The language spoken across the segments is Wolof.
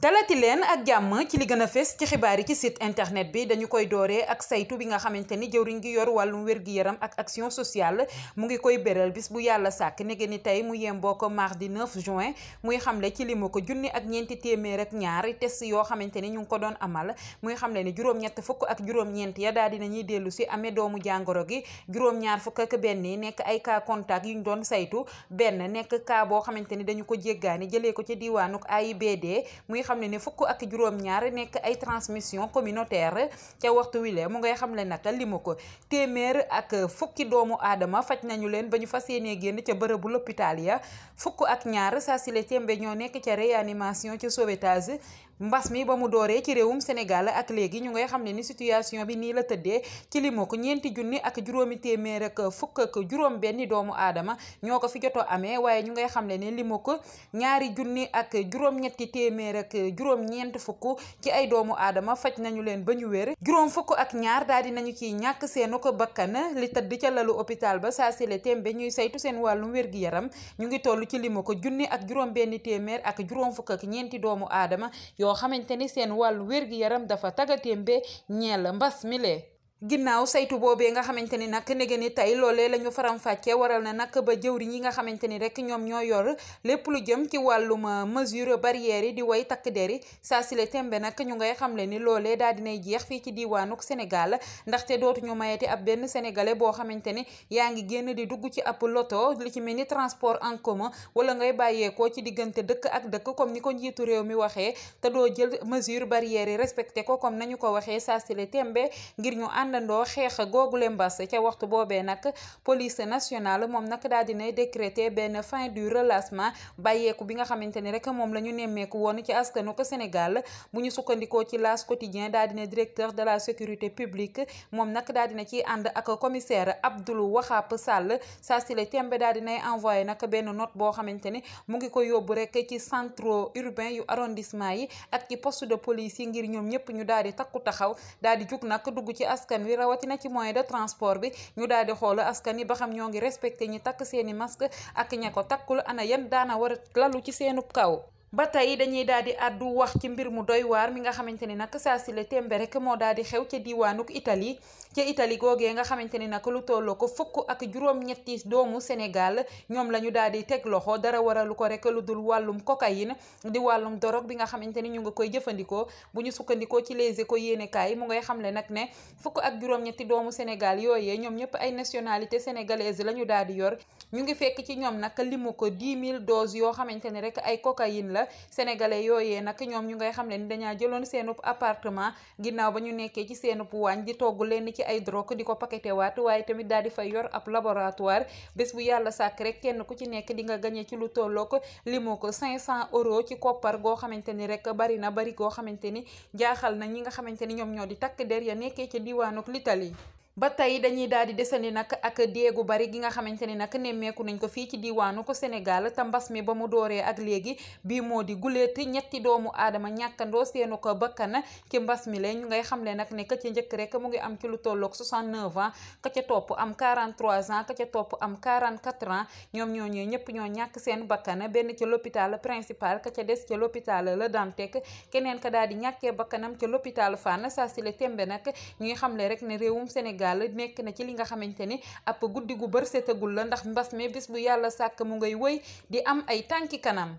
dalati leen ak jàmm ci li gën a fes ci xibaar yi ci site internet bi dañu koy dooree ak saytu bi nga xamante ni jëwriñ gi yor wàllum wér-gi-yaram ak action sociale mu ngi koy béral bis bu yàlla sàkk nege ni tey mu yemboo ko mardi 9 juin muy xamle ci limu ko junni ak ñeenti téeméer ak ñaari test yoo xamante ni ñu ngi ko doon amal muy xamle ni juróom-ñett fukk ak juróom ya daal dinañuy dellu si amee doomu jàngoro gi juróom-ñaar fukk ak benn yi nekk ay cas contact yu ñu doon saytu benn nekk kaa boo xamante ni dañu ko jéggaani jëlee ko ci diwaanuk AIBD xam ne ne fukk ak juróom-ñaar nekk ay transmission communautaire ca waxtu wile mu ngay xam le naka limu ko téeméer ak fukki doomu aadama faj nañu leen ba ñu fas yéenee génn ca bërëbu l'hôpital ya fukk ak ñaar saa si ñoo nekk ca réanimation ca sauvetage mbas mi ba mu dooree ci réewum Sénégal ak léegi ñu ngay xam ne ni situation bi nii la tëddee ci li mu ko ñeenti junni ak juróomi téeméer ak fukk ak juróom benni doomu aadama ñoo ko fi joto amee waaye ñu ngay xam ne ni li ko ñaari junni ak juróom téeméer ak juróom fukk ci ay doomu aadama faj nañu leen ba ñu wér juróom fukk ak ñaar daal di nañu ciy ñàkk seenu ko bakkan li tëdd ca lalu hôpital ba saa sile tembe ñuy saytu seen wàllum wér-gi-yaram ñu ngi toll ci li mu ko junni ak juróom benni téeméer ak juróom fukk ak ñeenti doomu aadama yoo xamante ni seen wàllu wér-gi-yaram dafa tagatémbe ñeel mbas mile ginnaaw saytu boobee nga xamante ni nag nege ni tey loolee la ñu faram-fàccee waral na nag ba jëwriñ yi nga xamante ni rek ñoom ñoo yor lépp lu jëm ci wàllum euh, mesure barrière yi di way takk der yi saa sile tembe nag ñu ngay xamle ni loolee daal dinay jeex fii ci diiwaanuk Sénégal ndaxte dootuñu mayati ab benn sénégalais boo xamante ni yaa ngi génn di dugg ci ab loto li ci mel ni transport en commun wala ngay bàyyeekoo ci diggante dëkk ak dëkk comme ni ko njiitu réew mi waxee te doo jël mesure barrière yi respecté ko comme nañu ko waxee saa tembe ngir àndandoo xeex googule mbas ca waxtu boobee nag police nationale moom nag daal dinay décréter benn fin du relâchement bàyyeeku bi nga xamante ni rek moom la ñu nemmeeku woon ci askanu ko Sénégal mu ñu sukkandikoo ci L'As quotidien daal dina directeur de la sécurité publique moom nag daal dina ci ànd ak commissaire Abdoul Wahab Sall saa si le tembe daal dinay envoyé nag benn not boo xamante ni mu ngi ko yóbbu rek ci centre urbain yu arrondissement yi ak ci poste de police yi ngir ñoom ñëpp ñu daal di takku taxaw askan rawatina ci moyen de transport bi ñu daal di xool askan yi ba xam ñoo ngi respecté ñi takk seeni masque ak ña ko takkul ana yan daana war a lalu ci seenub kaw ba tey dañuy daal di àddu wax ci mbir mu doy waar mi nga xamante ni nag saa si tembe rek moo daal di xew ca diwaanuk Italie ca itali googee nga xamante ni nag lu tolloo ko fukk ak juróom-ñetti doomu Sénégal ñoom la ñu daal di teg loxo dara waralu ko rek lu dul wàllum cocaïne di wàllum dorog bi nga xamante ni ñu nga koy jëfandikoo bu ñu sukkandikoo ci Les Échos yéenekaay mu ngay xamle nag ne fukk ak juróom doomu Sénégal yooyee ñoom ñëpp ay nationalité sénégalaise la ñu daal di yor ñu ngi fekk ci ñoom nag limu ko 10 000 dose yoo xamante ni rek ay cocaïne la la yooye nag ñoom ñu ngay xam ne ni dañaa jëloon seenub apartement ginnaaw ba ñu nekkee ci seenub waañ di togg lenn ci ay drogue di ko paqueté waat waaye tamit daal di fay yor ab laboratoire bés bu yàlla sàkk rek kenn ku ci nekk di nga gañe ci lu tolloog li mu ko 500 euros ci koppar goo xamante ni rek bari na bari goo xamante ni jaaxal na ñi nga xamante ni ñoom ñoo di takk der ya nekkee ca diwaanuk l'Italie ba tey dañuy daal di desandi nag ak déegu bari gi nga xamante ni nag nemmeeku nañ ko fii ci diwaanu ko Sénégal te mbas mi ba mu dooree ak léegi bii moo di guléet ñetti doomu aadama ñàkkandoo seenu ko bakkan ci mbas mi la ñu ngay xamle nag ne ka ca njëkk rek mu ngi am ci lu tolloog 69 ans ka ca topp am 43 ans ka ca topp am 44 ans ñoom ñooñee ñëpp ñoo ñàkk seen bakkan benn ca l'hôpital principal ka ca des ca l'hôpital Le Dantec keneen ka daal di ñàkkee bakkanam ca l'hôpital Fann saa si la tembe nag ñuy xamle rek ne réewum Sénégal Sénégal nekk na ci li nga xamante ni ab guddi gu bër setagul la ndax mbas mi bés bu yàlla sàkk mu ngay wëy di am ay tànki kanam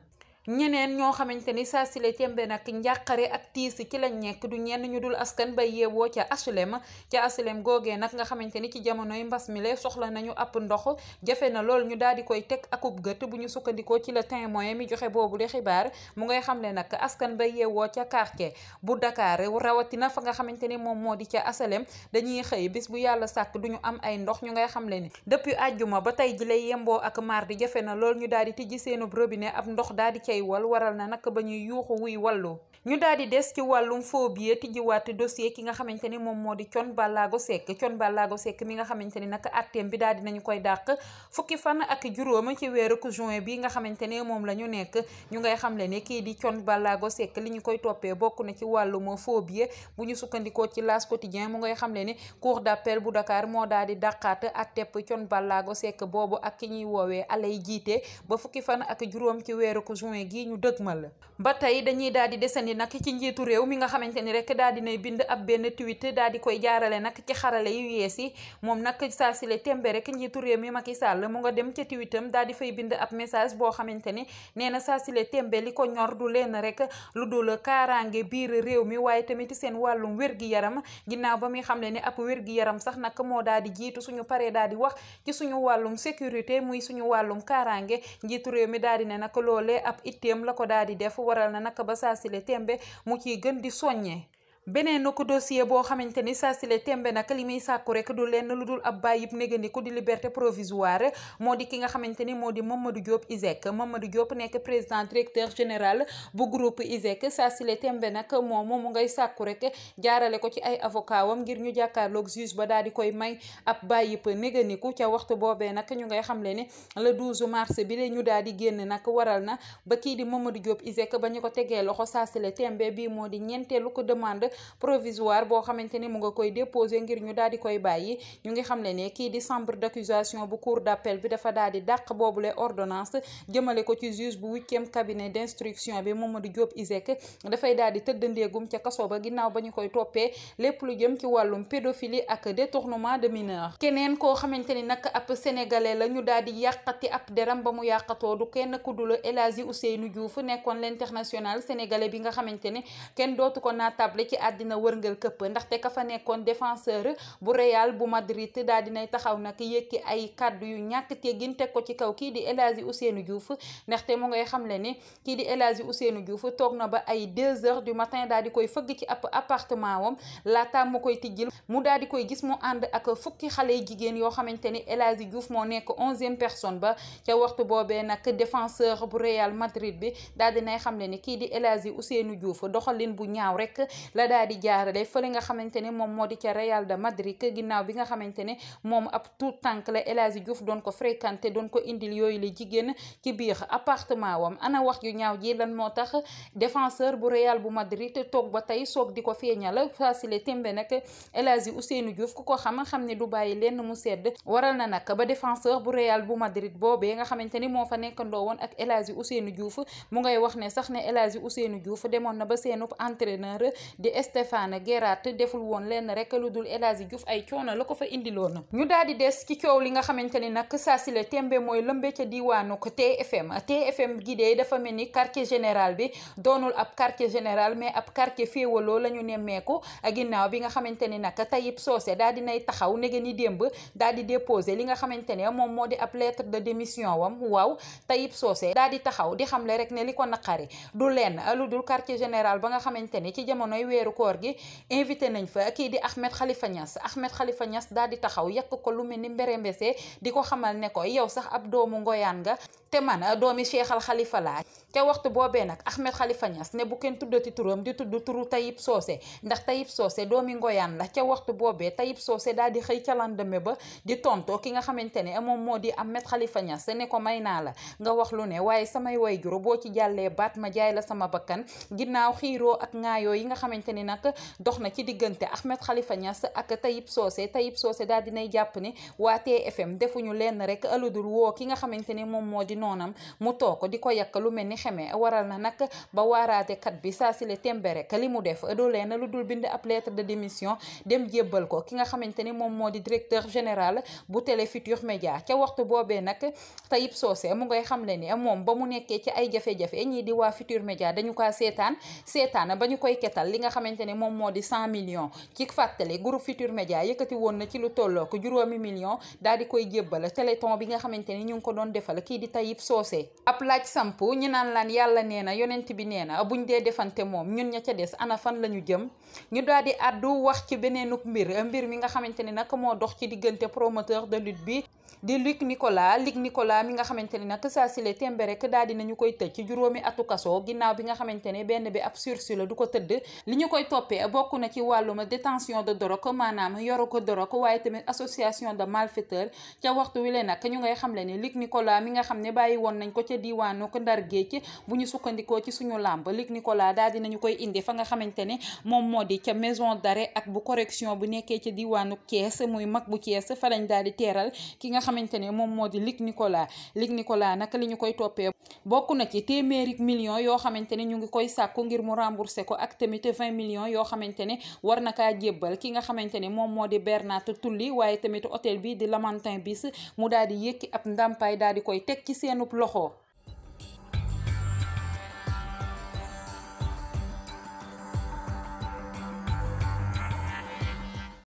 ñeneen ñoo xamante ni saa sile tembe nag njàqare ak tiisi ci lañ ñekk du ñenn ñu dul askan ba yeewoo ca HLM ca HLM googee nag nga xamante ni ci jamonoy mbas mi le soxla nañu ab ndox jafe na lool ñu daal di koy teg akub gët bu ñu sukkandikoo ci le témoin mi joxe boobu le xibaar mu ngay xamle nag askan ba yeewoo ca quartier bu Dakar rawatina fa nga xamante ni moom moo di ca HLM dañuy xëy bis bu yàlla sàkk duñu am ay ndox ñu ngay xamle ni depuis àjjuma ba tey ji lay yemboo ak mardi jafe na lool ñu daal di tijji seenub robine ab ndox daal di keywal waral na nag ba ñuy yuuxu wuy wàllu ñu daal di des ci wàllum phobie tijjiwaat dossier ki nga xamante ni moom moo di Thione Ballago Seck Thione Ballago Seck mi nga xamante ni nag atteem bi daal di koy dàq fukki fan ak juróom ci weeru juin bi nga xamante ne moom la ñu nekk ñu ngay xamle ne kii di Thione Ballago Seck li ñu koy toppee bokk na ci wàllum phobie bu ñu sukkandikoo ci L'As Quotidien mu ngay xamle ne cour d'appel bu Dakar moo daal di dàqaat attepp Thione Ballago Seck boobu ak ki ñuy woowee alay jiite ba fukki fan ak juróom ci weeru juin 2020 gii ñu dëgmal ba tey dañuy daal di desandi nag ci njiitu réew mi nga xamante ni rek daal dinay bind ab benn tweet daal di koy jaarale nag ci xarale yu yees yi moom nag saa si le tembe rek njiitu réew mi Macky Sall mu nga dem ca tweetam daal di bind ab message boo xamante ni nee na saa si le ko ñor du leen rek lu dul kaaraange biir réew mi waaye tamit seen wàllum wér-gi-yaram ginnaaw ba muy xamle ni ab wér-gi-yaram sax nag moo daal di jiitu suñu paree daal di wax ci suñu wàllum sécurité muy suñu wàllum kaaraange njiitu réew mi daal ne nag loolee ab teem la ko daal di def waral na naka ba saa sile tembe mu ciy gën di soññee beneen ko dossier boo xamante ni saa sile tembe nag li muy sàkku rek du lenn lu dul ab bàyyib négandiku di liberté provisoire moo di ki nga xamante ni moo di Mamadou Diop ISEC Mamadou Diop nekk président directeur général bu groupe ISEC saa sile tembe nag moom mu ngay sàkku jaarale ko ci ay avocat wam ngir ñu jàkkaarloog juge ba daal di koy may ab bàyyib négandiku ca waxtu boobee nag ñu ngay xamle ne le 12 mars bi la ñu daal di génn nag waral na ba kii di Mamadou Diop ISEC ba ñu ko tegee loxo saa sile bi moo di ñeenteelu ko demande provisoire boo xamante ni mu nga koy déposé ngir ñu daal di koy bàyyi ñu ngi xam le ne kii di chambre d'accusation bu cour d'appel bi dafa daal di dàq boobule ordonnance jëmale ko ci juge bu huitième cabinet d'instruction bi Mamadou Diop Iseg dafay daal di tëdd ndeegum ca kaso ba ginnaaw ba ñu koy toppee lépp lu jëm ci wàllum pédophilie ak détournement de mineur keneen koo xamante ni nag ab sénégalais la ñu daal di yàqati ab deram ba mu yàqatoo du kenn ku dul El Hadji Ousseynou Diouf nekkoon l'international sénégalais bi nga xamante ne kenn dootu ko àddina wërngal këpp ndaxte ka fa nekkoon défenseur bu Real bu Madrid daal dinay taxaw nag yëkki ay kàddu yu ñàkk teggin teg ko ci kaw kii di El Hadji Ousseynou Diouf ndaxte mu ngay xamle ni kii di El Hadji Ousseynou Diouf toog na ay deux heures du matin daal di koy fëgg ci ab appartement wam laata mu koy tijjil mu daal di koy gis mu ànd ak fukki xale jigéen yoo xamante ni El Hadji moo nekk onzième personne ba ca waxtu boobee nag défenseur bu Real Madrid bi daal dinay xamle ni kii di El Hadji Ousseynou Diouf doxalin bu ñaaw rek la daal di jaarale fële nga xamante ne moom moo di ca Real de Madrid ginnaaw bi nga xamante moom ab tout tànk la El Hadji doon ko fréquenté doon ko indil yooyu la jigéen ci biir appartement wam ana wax yu ñaaw ji lan moo tax défenseur bu Real bu Madrid toog ba tey soog di ko feeñal facile tembe nag El Hadji Ousseynou Diouf ku ko xam xam ne du bàyyi lenn mu sedd waral na nag ba défenseur bu Real bu Madrid boobee nga xamante ni moo fa nekkandoo woon ak El Hadji Ousseynou Stéphane Guérat deful woon lenn rek lu dul El Hadji ay coono la ko fa indiloon ñu daal di des ci coow li nga xamante ni nag saa si la tembe mooy lëmbe ca diwaanu TFM TFM gi de dafa mel ni quartier général bi doonul ab quartier général mais ab quartier féewaloo la ñu nemmeeku ginnaaw bi nga xamante ni nag Tayib Socé daal di nay taxaw nege ni démb daal di déposé li nga xamante ne moom moo di ab lettre de démission wam waaw Tayib Socé daal taxaw di weeru koor gi invité nañ fa kii di Ahmed Khalifa Niass Ahmed Khalifa Niass daal di taxaw yàq ko lu mel ni mbere mbese di ko xamal ne ko yow sax ab doomu ngoyaan nga te man ah, doomi Cheikh Al Khalifa laa ca waxtu boobee nag Ahmed Khalifa Niass ne bu kenn tuddati turam di tudd turu Tayib Socé ndax Tayib Socé doomi ngoyaan la ca waxtu boobee Tayib Socé daal di xëy ca lendemain ba di tontoo ki nga xamante ne ah, moom moo di Ahmed Khalifa Niass ne ko may naa la nga wax lu ne waaye samay wayjur boo ci jàllee baat ma jaay la sama bakkan ginnaaw xiiroo ak ŋaayoo yi nga xamante ni nag dox na ci diggante Ahmed Khalifa Niass ak Tayib Socé Tayib Socé daal dinay jàpp ne waa TFM defuñu lenn rek aludul ah, woo ki nga xamante ne moom moo di noonam mu too ko di ko yakk lu mel ni xeme waral na nag ba waaraatekat bi saa sile tembere ka li mu def doo na lu dul bind ab lettre de démission dem jébbal ko ki nga xamante ni moom moo di directeur général bu Télé Futurs Médias ca waxtu boobee nag Tayib Socé mu ngay xamle ni moom ba mu nekkee ci ay jafe ñii di waa Futurs Médias dañu ko seetaan seetaan ba ñu koy ketal li nga xamante ni moom moo di cent millions ci fàttali groupe Futurs Médias yëkkati woon na ci lu tolloo ko juróomi millions daal di koy jébbal téléthon bi nga xamante ñu ngi ko doon defal kii di Tayib Ayib Socé ab laaj samp ñi naan laan yàlla nee na yonent bi nee buñ dee defante moom ñun ña ca des ana fan la ñu jëm ñu daal di àddu wax ci beneenuk mbir mbir mi nga xamante ne nag moo dox ci diggante promoteur de lutte bi di Luc Nicolas Luc Nicolas mi nga xamante ne nag saa sile tembe rek di nañu koy tëj ci juróomi atu kaso ginnaaw bi nga xamante ne benn bi ab sursis la du ko tëdd li ñu koy toppee bokk na ci wàllum détention de drogue maanaam yoru ko drogue waaye tamit association de malfaiteurs ca waxtu wi le nag ñu ngay xam le ne bàyyi woon nañ ko ca diwaanu ko ndar géej bu ñu sukkandikoo ci suñu làmb Luc Nicolas daal dinañu koy indi fa nga xamante ne moom moo di ca maison d'arrêt ak bu correction bu nekkee ca diwaanu Thiès muy mag bu Thiès fa lañ daal di teeral ki nga xamante ne moom moo di Luc Nicolas Luc Nicolas nag li ñu koy toppee bokk na ci téeméeri millions yoo xamante ne ñu ngi koy sàkku ngir mu remboursé ko ak tamit vingt millions yoo xamante ne war na kaa jébbal ki nga xamante ne moom moo di Bernat Tulli waaye tamit hôtel bi di Lamantin bis mu daal di yëkki ab ndàmpaay daal koy teg ci seen seenub loxo